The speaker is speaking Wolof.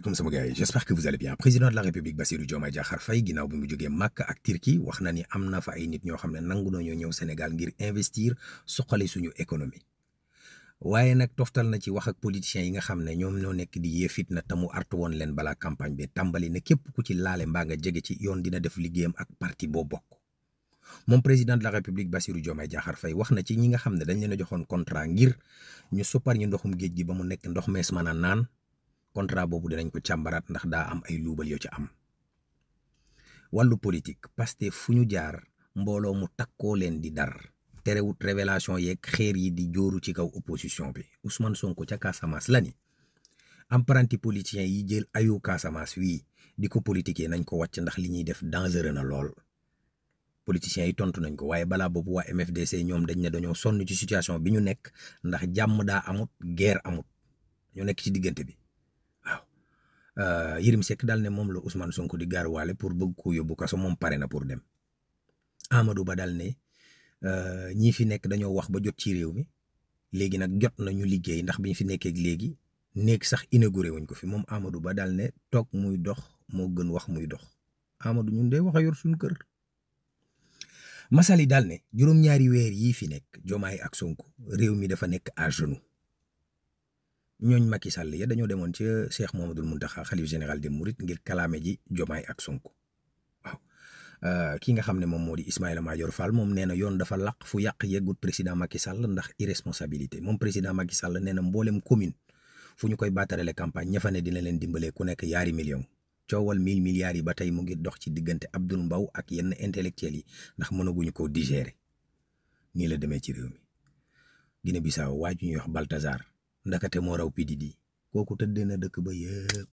comme sama gars yi j'espère que vous allez bien président de la république Bassirou Diomaye Diakhar Faye ginnaaw bi mu jógee wax na ni am na fa ay nit ñoo xam ne nangu nañoo ñëw Sénégal ngir investir suqali suñu économie waaye nag toftal na ci wax ak politiciens yi nga xam ne ñoom ñoo nekk di yee fitna te mu woon leen balaa campagne bi tàmbali na képp ku ci laale mbaa nga jege ci yoon dina def liggéeyam ak parti boo bokk moom président de la république Bassirou Diomaye Diakhar Faye wax na ci ñi nga xam ne dañ leen a joxoon contrat ngir ñu suppar ñu ndoxum géej gi ba mu nekk ndox mees mën a naan contra boobu dinañ ko càmbaraat ndax daa am ay luubal yoo ci am wàllu politique Pastef fu ñu jaar mbooloo mu takkoo leen di dar terewut révélation yeeg xeer yi di jooru ci kaw opposition bi Ousmane Sonko ca Casamance la ni apprenti politicien yi jël ayu Casamance wii di ko politiquer nañ ko wacc ndax li ñuy def dangereux na lool politiciens yi tontu nañ ko waaye balaa boobu waa MFDC ñoom dañ ne dañoo sonn ci situation bi ñu nekk ndax jàmm daa amut guerre amut ñu nekk ci diggante bi Euh, Yérim sekk dal ne moom la Ousmane Sonko di waale pour bëgg ko yóbbu kaso moom pare na pour dem Amadou Ba daal ne euh, ñi fi nekk dañoo wax ba jot ci réew mi léegi nag jot nañu liggéey ndax bi ñu fi nekkeek léegi néeg sax inauguré wuñ ko fi moom Amadou Ba dal ne toog muy dox moo gën wax muy dox Amadou ñun day wax a yor suñu kër. Massaly daal ne juróom-ñaari weer yii fi nekk Diomaye ak Sonko réew mi dafa nekk à ñooñu Macky Sall ya dañoo demoon ci Cheikh Mouhamadoul Mountakha xalif général des Mourides ngir kalaame ji Jomaay ak Sonko waaw euh, ki nga xam ne moom moo di Ismaïla Madior Fall moom nee na yoon dafa laq fu yàq yeggut président Macky Sall ndax irresponsabilité moom président Macky Sall nee na mboolem commune fu ñu koy baatarale campagne ña fa ne dina leen dimbalee ku nekk yaari million coowal mille milliards yi ba tey mu ngi dox ci diggante Abdoul Mbaw ak yenn intellectuels yi ndax mënaguñu koo digérer nii la demee ci réew waa ju ñuy wax Baltazar ndakate moo raw PDD kooku tëddee na dëkk ba yëpp